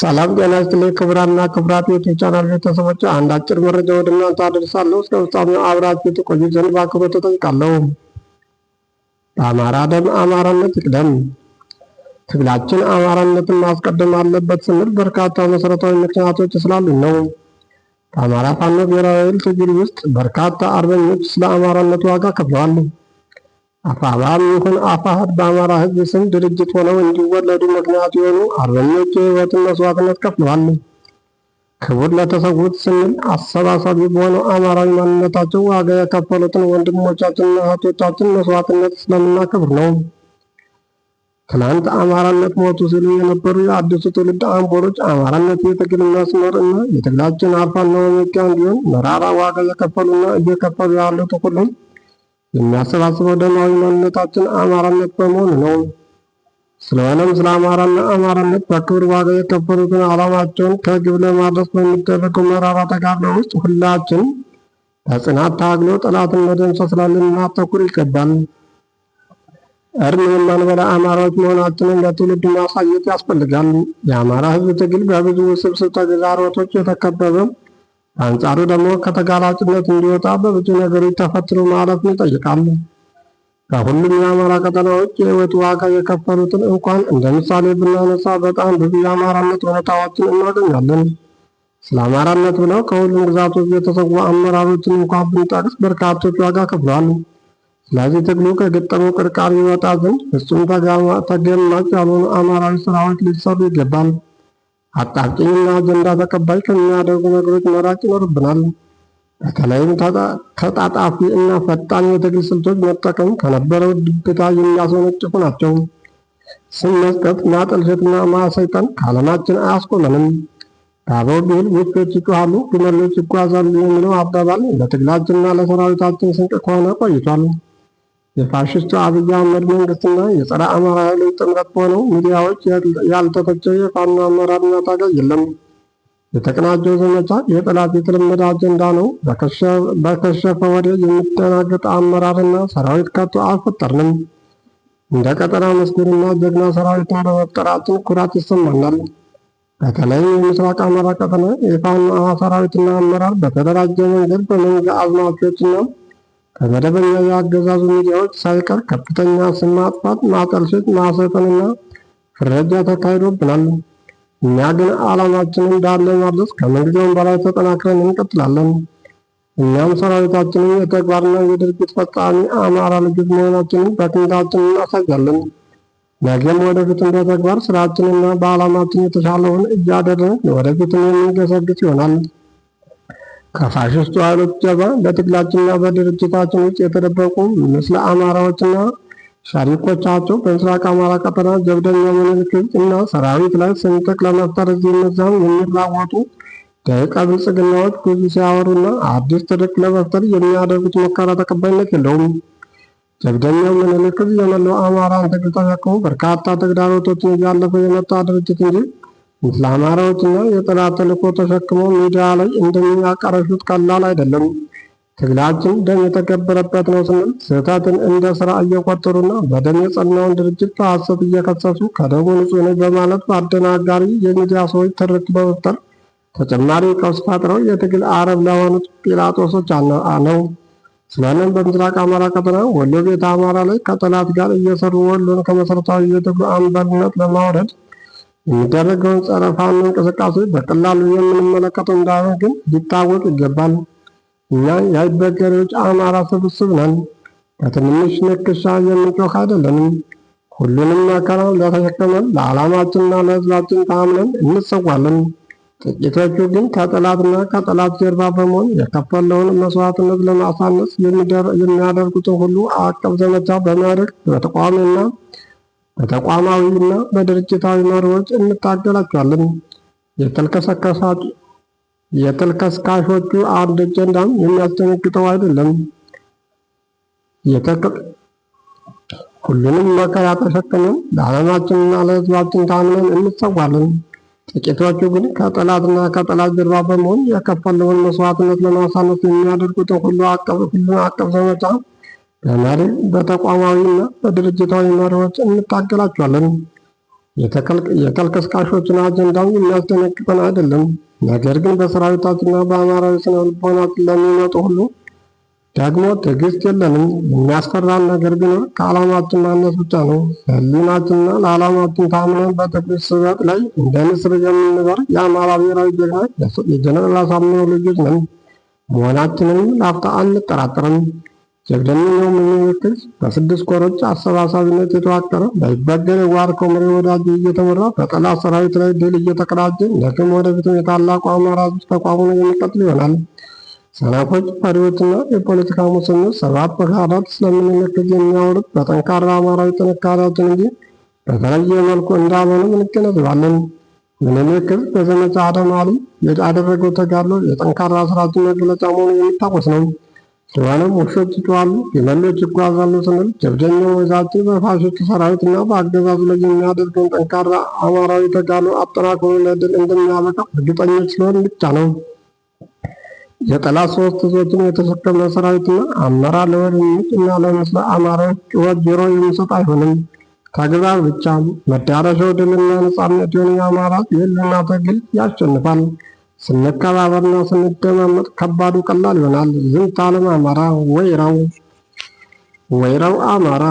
ሰላም ጤና ይስጥልኝ ክቡራንና ክቡራት ዩቱብ ቻናል ቤተሰቦች፣ አንድ አጭር መረጃ ወደ እናንተ አደርሳለሁ። እስከ ፍጻሜው አብራችሁ ትቆዩ ዘንድ በአክብሮት ተጠይቃለሁ። በአማራ ደም አማራነት ይቅደም። ትግላችን አማራነትን ማስቀደም አለበት ስንል በርካታ መሰረታዊ ምክንያቶች ስላሉን ነው። በአማራ ፋኖ ብሔራዊ ኃይል ትግል ውስጥ በርካታ አርበኞች ስለ አማራነት ዋጋ ከፍለዋል። አፋባም ይሁን አፋህድ በአማራ ህዝብ ስም ድርጅት ሆነው እንዲወለዱ ምክንያት የሆኑ አርበኞች የህይወትን መስዋዕትነት ከፍለዋል። ክቡር ለተሰዉት ስንል አሰባሳቢ በሆነው አማራዊ ማንነታቸው ዋጋ የከፈሉትን ወንድሞቻችንና እህቶቻችን መስዋዕትነት ስለምናከብር ነው። ትናንት አማራነት ሞቱ ሲሉ የነበሩ የአዲሱ ትውልድ አንቦሎች አማራነት የትግል መስመር እና የትግላችን አርፋና መመኪያ እንዲሆን መራራ ዋጋ የከፈሉና እየከፈሉ ያሉት ሁሉም የሚያሰባስበው ደማዊ ማንነታችን አማራነት በመሆኑ ነው። ስለሆነም ስለ አማራና አማራነት በክብር ዋጋ የከፈሉትን ዓላማቸውን ከግብ ለማድረስ በሚደረገው መራራ ተጋድሎ ውስጥ ሁላችን በጽናት ታግሎ ጠላትን መደምሰስ ልናተኩር ይገባል። እርም የማንበላ አማራዎች መሆናችንን ለትውልድ ማሳየት ያስፈልጋል። የአማራ ሕዝብ ትግል በብዙ ውስብስብ ተግዛሮቶች የተከበበ አንጻሩ ደግሞ ከተጋላጭነት እንዲወጣ በብዙ ነገሮች ተፈትኖ ማለፍን ይጠይቃሉ። ከሁሉም የአማራ ቀጠናዎች የህይወት ዋጋ የከፈሉትን እንኳን እንደ ምሳሌ ብናነሳ በጣም ብዙ የአማራነት ሁኔታዎችን እናገኛለን። ስለ አማራነት ብለው ከሁሉም ግዛቶች የተሰዉ አመራሮችን እንኳን ብንጠቅስ በርካቶች ዋጋ ከፍለዋል። ስለዚህ ትግሉ ከገጠመው ቅርቃር ይወጣ ዘንድ እሱም ተገማች ያልሆኑ አማራዊ ስራዎች ሊሰሩ ይገባል። አጣብቂኝና አጀንዳ ተቀባይ ከሚያደርጉ ነገሮች መራቅ ይኖርብናል። በተለይም ተጣጣፊ እና ፈጣን የትግል ስልቶች መጠቀም ከነበረው ድብታ የሚያስወነጭፉ ናቸው። ስም መስጠት፣ ማጠልሸትና ማሰይጠን ከዓለማችን አያስቆመንም። ዳበው ቢል ውሾች ይጮኻሉ፣ ግመሎች ይጓዛሉ የሚለው አባባል ለትግላችንና ለሰራዊታችን ስንቅ ከሆነ ቆይቷል። የፋሽስቱ አብይ አህመድ መንግስትና የጸረ አማራ ኃይሎች ጥምረት በሆነው ሚዲያዎች ያልተተቸ የፋኖ አመራርና ታጋይ የለም። የተቀናጀው ዘመቻ የጠላት የተለመደ አጀንዳ ነው። በከሸፈ ወደ የሚደናገጥ አመራርና ሰራዊት ከቶ አልፈጠርንም። እንደ ቀጠና መስጊድና ጀግና ሰራዊት ለመፍጠራችን ኩራት ይሰማናል። በተለይም የምስራቅ አማራ ቀጠና የፋኖ ሰራዊትና አመራር በተደራጀ መንገድ በመንጋ አዝማቾችና ከመደበኛ የአገዛዙ ሚዲያዎች ሳይቀር ከፍተኛ ስም ማጥፋት፣ ማጠልሸት፣ ማሰፈንና ፍረጃ ተካሂዶብናል። እኛ ግን ዓላማችንን እንዳለ ማድረስ ከምንጊዜውም በላይ ተጠናክረን እንቀጥላለን። እኛም ሰራዊታችንን የተግባርና የድርጊት ፈጻሚ አማራ ልጆች መሆናችንን በክንዳችን እናሳያለን። ነገም ወደፊትም በተግባር ስራችንና በዓላማችን የተሻለውን እያደረግን ወደፊትም የምንገሰግስ ይሆናል። ከፋሽስቱ ኃይሎች ጀባ በትግላችንና በድርጅታችን ውስጥ የተደበቁ ምስለ አማራዎችና ሻሪኮቻቸው በምስራቅ አማራ ቀጠና ጀብደኛ ምኒልክ እና ሰራዊት ላይ ስንጥቅ ለመፍጠር እዚህም እዚያም የሚራወጡ ደቂቀ ብልጽግናዎች ብዙ ሲያወሩና አዲስ ትርክ ለመፍጠር የሚያደርጉት ሙከራ ተቀባይነት የለውም። ጀብደኛ ምኒልክ የመላው አማራን ትግል ተሸክሞ በርካታ ተግዳሮቶችን እያለፈ የመጣ ድርጅት እንጂ ለአማራዎችና የጠላት ተልዕኮ ተሸክመው ሚዲያ ላይ እንደሚያቀረሹት ቀላል አይደለም። ትግላችን ደም የተገበረበት ነው ስንል ስህተትን እንደ ስራ እየቆጠሩና በደም የጸናውን ድርጅት በሐሰት እየከሰሱ ከደሙ ንጹህ በማለት በአደናጋሪ የሚዲያ ሰዎች ትርክ በመፍጠር ተጨማሪ ቀውስ ፈጥረው የትግል አረብ ለሆኑት ጲላጦሶች ነው። ስለሆነም በምስራቅ አማራ ቀጠና ወሎ ቤተ አማራ ላይ ከጠላት ጋር እየሰሩ ወሎን ከመሰረታዊ የትግሉ አንበርነት ለማውረድ የሚደረገውን ጸረ ፋኖ እንቅስቃሴ በቀላሉ የምንመለከተው እንዳለ ግን ሊታወቅ ይገባል። እኛ የአይበገሬዎች አማራ ስብስብ ነን። በትንንሽ ንክሻ የምንጮህ አይደለንም። ሁሉንም መከራ ለተሸከመን ለዓላማችንና ለሕዝባችን ታምነን እንሰዋለን። ጥቂቶቹ ግን ከጠላትና ከጠላት ጀርባ በመሆን የከፈለውን መስዋዕትነት ለማሳነስ የሚያደርጉትን ሁሉ አቀፍ ዘመቻ በማድረግ በተቋሚና እና በድርጅታዊ መርሆች እንታገላቸዋለን። የተልከስካሾቹ አንድ አጀንዳም የሚያስደነግጠው አይደለም። ሁሉንም መከራ ተሸክመን ለዓለማችንና ለሕዝባችን ታምነን እንሰዋለን። ጥቂቶቹ ግን ከጠላትና ከጠላት ጀርባ በመሆን የከፈለውን መስዋዕትነት ለማሳነስ የሚያደርጉትን ሁሉ አቀፍ ዘመቻ በመሪ በተቋማዊና በድርጅታዊ መሪዎች እንታገላቸዋለን። የተቀልቀስቃሾችን አጀንዳው የሚያስደነግጠን አይደለም። ነገር ግን በሰራዊታችንና በአማራዊ ስነ ልቦናችን ለሚመጡ ሁሉ ደግሞ ትዕግስት የለንም። የሚያስፈራን ነገር ቢኖር ከዓላማችን ማነስ ብቻ ነው። ለሕሊናችንና ለዓላማችን ታምነን በትግል ስበት ላይ እንደ ንስር የምንበር የአማራ ብሔራዊ ጀግና የጀነራል አሳምነው ልጆች ነን መሆናችንም ላፍታ አንጠራጠርም። ጀግደኛው የሚመለከት በስድስት ኮሮች አሰባሳቢነት የተዋቀረ በይበገር የዋርከው መሪ ወዳጅ እየተመራ በጠላት ሰራዊት ላይ ድል እየተቀዳጀ ለክም ወደፊትም የታላቁ አማራ ህዝብ ተቋሙ ነው የሚቀጥል ይሆናል። ሰነፎች መሪዎችና የፖለቲካ ሙስኖች ሰባት በካራት ስለምንመለከት የሚያወሩት በጠንካራ አማራዊ ጥንካሬያችን እንጂ በተለየ መልኩ እንዳልሆንም እንገነዘባለን። ምኒልክ በዘመቻ አደማሊ ያደረገው ተጋድሎ የጠንካራ ስራችን መግለጫ መሆኑ የሚታወስ ነው። ስለሆነም ውሾች ይጮኻሉ፣ ግመሎች ይጓዛሉ ስንል ጀብደኛው ወይዛችን በፋሽስት እና በአገዛዙ ላይ የሚያደርገውን ጠንካራ አማራዊ ተጋድሎ አጠናክሮ ለድል እንደሚያበቃ እርግጠኞች ስለሆን ብቻ ነው። የጠላት ሶስት እዞችን የተሸከመ ሰራዊትና አመራር ለወደሚጭና ለምስለ አማራዎች ጩኸት ጆሮ የሚሰጥ አይሆንም። ተግባር ብቻ መዳረሻው ድልና ነጻነት የሆነ የአማራ የህልና ትግል ያሸንፋል። ስንከባበርና ስንደማመጥ ከባዱ ቀላል ይሆናል። ዝንታለም አማራ፣ ወይራው ወይራው አማራ